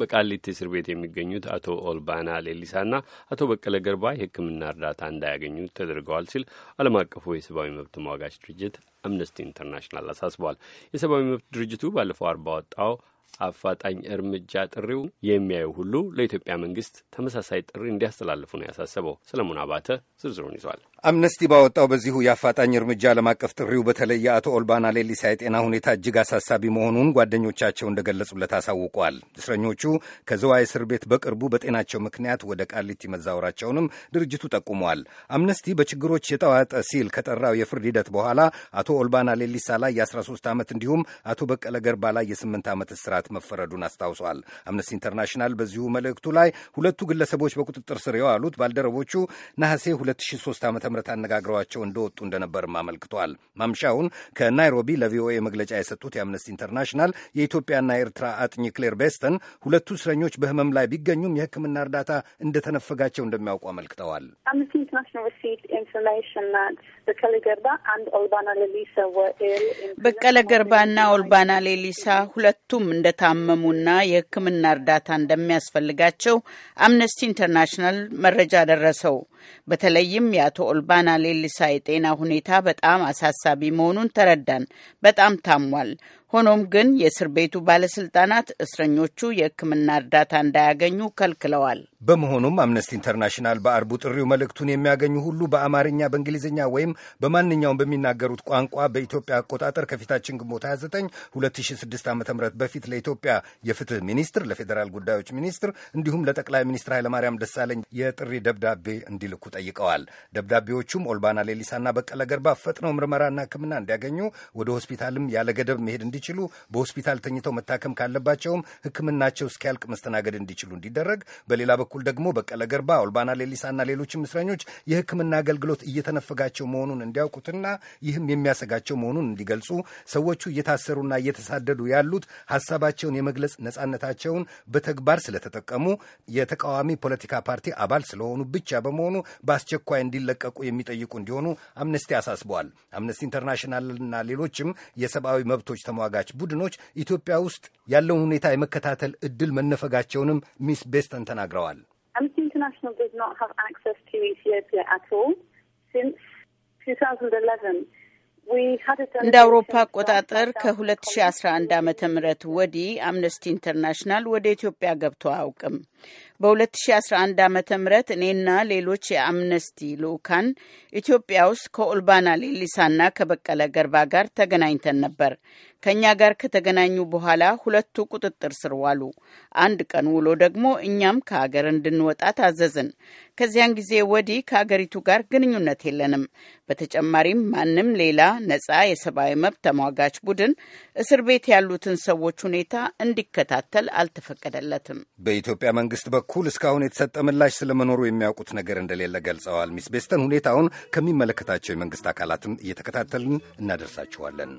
በቃሊቲ እስር ቤት የሚገኙት አቶ ኦልባና ሌሊሳና አቶ በቀለ ገርባ የሕክምና እርዳታ እንዳያገኙ ተደርገዋል ሲል ዓለም አቀፉ የሰብአዊ መብት ተሟጋች ድርጅት አምነስቲ ኢንተርናሽናል አሳስቧል። የሰብአዊ መብት ድርጅቱ ባለፈው አርባ ወጣው አፋጣኝ እርምጃ ጥሪው የሚያዩ ሁሉ ለኢትዮጵያ መንግስት ተመሳሳይ ጥሪ እንዲያስተላልፉ ነው ያሳሰበው። ሰለሞን አባተ ዝርዝሩን ይዟል። አምነስቲ ባወጣው በዚሁ የአፋጣኝ እርምጃ ዓለም አቀፍ ጥሪው በተለይ የአቶ ኦልባና ሌሊሳ የጤና ሁኔታ እጅግ አሳሳቢ መሆኑን ጓደኞቻቸው እንደገለጹለት አሳውቋል። እስረኞቹ ከዘዋ እስር ቤት በቅርቡ በጤናቸው ምክንያት ወደ ቃሊቲ መዛወራቸውንም ድርጅቱ ጠቁመዋል። አምነስቲ በችግሮች የጠዋጠ ሲል ከጠራው የፍርድ ሂደት በኋላ አቶ ኦልባና ሌሊሳ ላይ የ13 ዓመት እንዲሁም አቶ በቀለ ገርባ ላይ የ8 ዓመት እስራት እስራት መፈረዱን አስታውሷል። አምነስቲ ኢንተርናሽናል በዚሁ መልእክቱ ላይ ሁለቱ ግለሰቦች በቁጥጥር ስር የዋሉት ባልደረቦቹ ነሐሴ 2003 ዓ ም አነጋግረዋቸው እንደወጡ እንደነበርም አመልክቷል። ማምሻውን ከናይሮቢ ለቪኦኤ መግለጫ የሰጡት የአምነስቲ ኢንተርናሽናል የኢትዮጵያና የኤርትራ አጥኚ ክሌር ቤስተን ሁለቱ እስረኞች በህመም ላይ ቢገኙም የህክምና እርዳታ እንደተነፈጋቸው እንደሚያውቁ አመልክተዋል። አምነስቲ በቀለ ገርባና ኦልባና ሌሊሳ ሁለቱም እንደታመሙና የሕክምና እርዳታ እንደሚያስፈልጋቸው አምነስቲ ኢንተርናሽናል መረጃ ደረሰው። በተለይም የአቶ ኦልባና ሌሊሳ የጤና ሁኔታ በጣም አሳሳቢ መሆኑን ተረዳን። በጣም ታሟል። ሆኖም ግን የእስር ቤቱ ባለስልጣናት እስረኞቹ የሕክምና እርዳታ እንዳያገኙ ከልክለዋል። በመሆኑም አምነስቲ ኢንተርናሽናል በአርቡ ጥሪው መልእክቱን የሚያገኙ ሁሉ በአማርኛ፣ በእንግሊዝኛ ወይም በማንኛውም በሚናገሩት ቋንቋ በኢትዮጵያ አቆጣጠር ከፊታችን ግንቦት 29 2006 ዓ ም በፊት ለኢትዮጵያ የፍትህ ሚኒስትር፣ ለፌዴራል ጉዳዮች ሚኒስትር እንዲሁም ለጠቅላይ ሚኒስትር ኃይለማርያም ደሳለኝ የጥሪ ደብዳቤ እንዲልኩ ጠይቀዋል። ደብዳቤዎቹም ኦልባና ሌሊሳና በቀለ ገርባ ፈጥነው ምርመራና ሕክምና እንዲያገኙ ወደ ሆስፒታልም ያለገደብ መሄድ እንዲ እንዲችሉ በሆስፒታል ተኝተው መታከም ካለባቸውም ሕክምናቸው እስኪያልቅ መስተናገድ እንዲችሉ እንዲደረግ፣ በሌላ በኩል ደግሞ በቀለ ገርባ፣ ኦልባና ሌሊሳና ሌሎችም እስረኞች የሕክምና አገልግሎት እየተነፈጋቸው መሆኑን እንዲያውቁትና ይህም የሚያሰጋቸው መሆኑን እንዲገልጹ፣ ሰዎቹ እየታሰሩና እየተሳደዱ ያሉት ሀሳባቸውን የመግለጽ ነጻነታቸውን በተግባር ስለተጠቀሙ የተቃዋሚ ፖለቲካ ፓርቲ አባል ስለሆኑ ብቻ በመሆኑ በአስቸኳይ እንዲለቀቁ የሚጠይቁ እንዲሆኑ አምነስቲ አሳስበዋል። አምነስቲ ኢንተርናሽናልና ሌሎችም የሰብአዊ መብቶች ተሟ ተሟጋች ቡድኖች ኢትዮጵያ ውስጥ ያለውን ሁኔታ የመከታተል እድል መነፈጋቸውንም ሚስ ቤስተን ተናግረዋል። እንደ አውሮፓ አቆጣጠር ከ2011 ዓ ም ወዲህ አምነስቲ ኢንተርናሽናል ወደ ኢትዮጵያ ገብቶ አያውቅም። በ2011 ዓ ም እኔና ሌሎች የአምነስቲ ልኡካን ኢትዮጵያ ውስጥ ከኦልባና ሌሊሳና ከበቀለ ገርባ ጋር ተገናኝተን ነበር። ከእኛ ጋር ከተገናኙ በኋላ ሁለቱ ቁጥጥር ስር ዋሉ። አንድ ቀን ውሎ ደግሞ እኛም ከሀገር እንድንወጣ ታዘዝን። ከዚያን ጊዜ ወዲህ ከሀገሪቱ ጋር ግንኙነት የለንም። በተጨማሪም ማንም ሌላ ነጻ የሰብአዊ መብት ተሟጋች ቡድን እስር ቤት ያሉትን ሰዎች ሁኔታ እንዲከታተል አልተፈቀደለትም። በኢትዮጵያ መንግስት በኩል በኩል እስካሁን የተሰጠ ምላሽ ስለመኖሩ የሚያውቁት ነገር እንደሌለ ገልጸዋል። ሚስ ቤስተን ሁኔታውን ከሚመለከታቸው የመንግስት አካላትም እየተከታተልን እናደርሳችኋለን።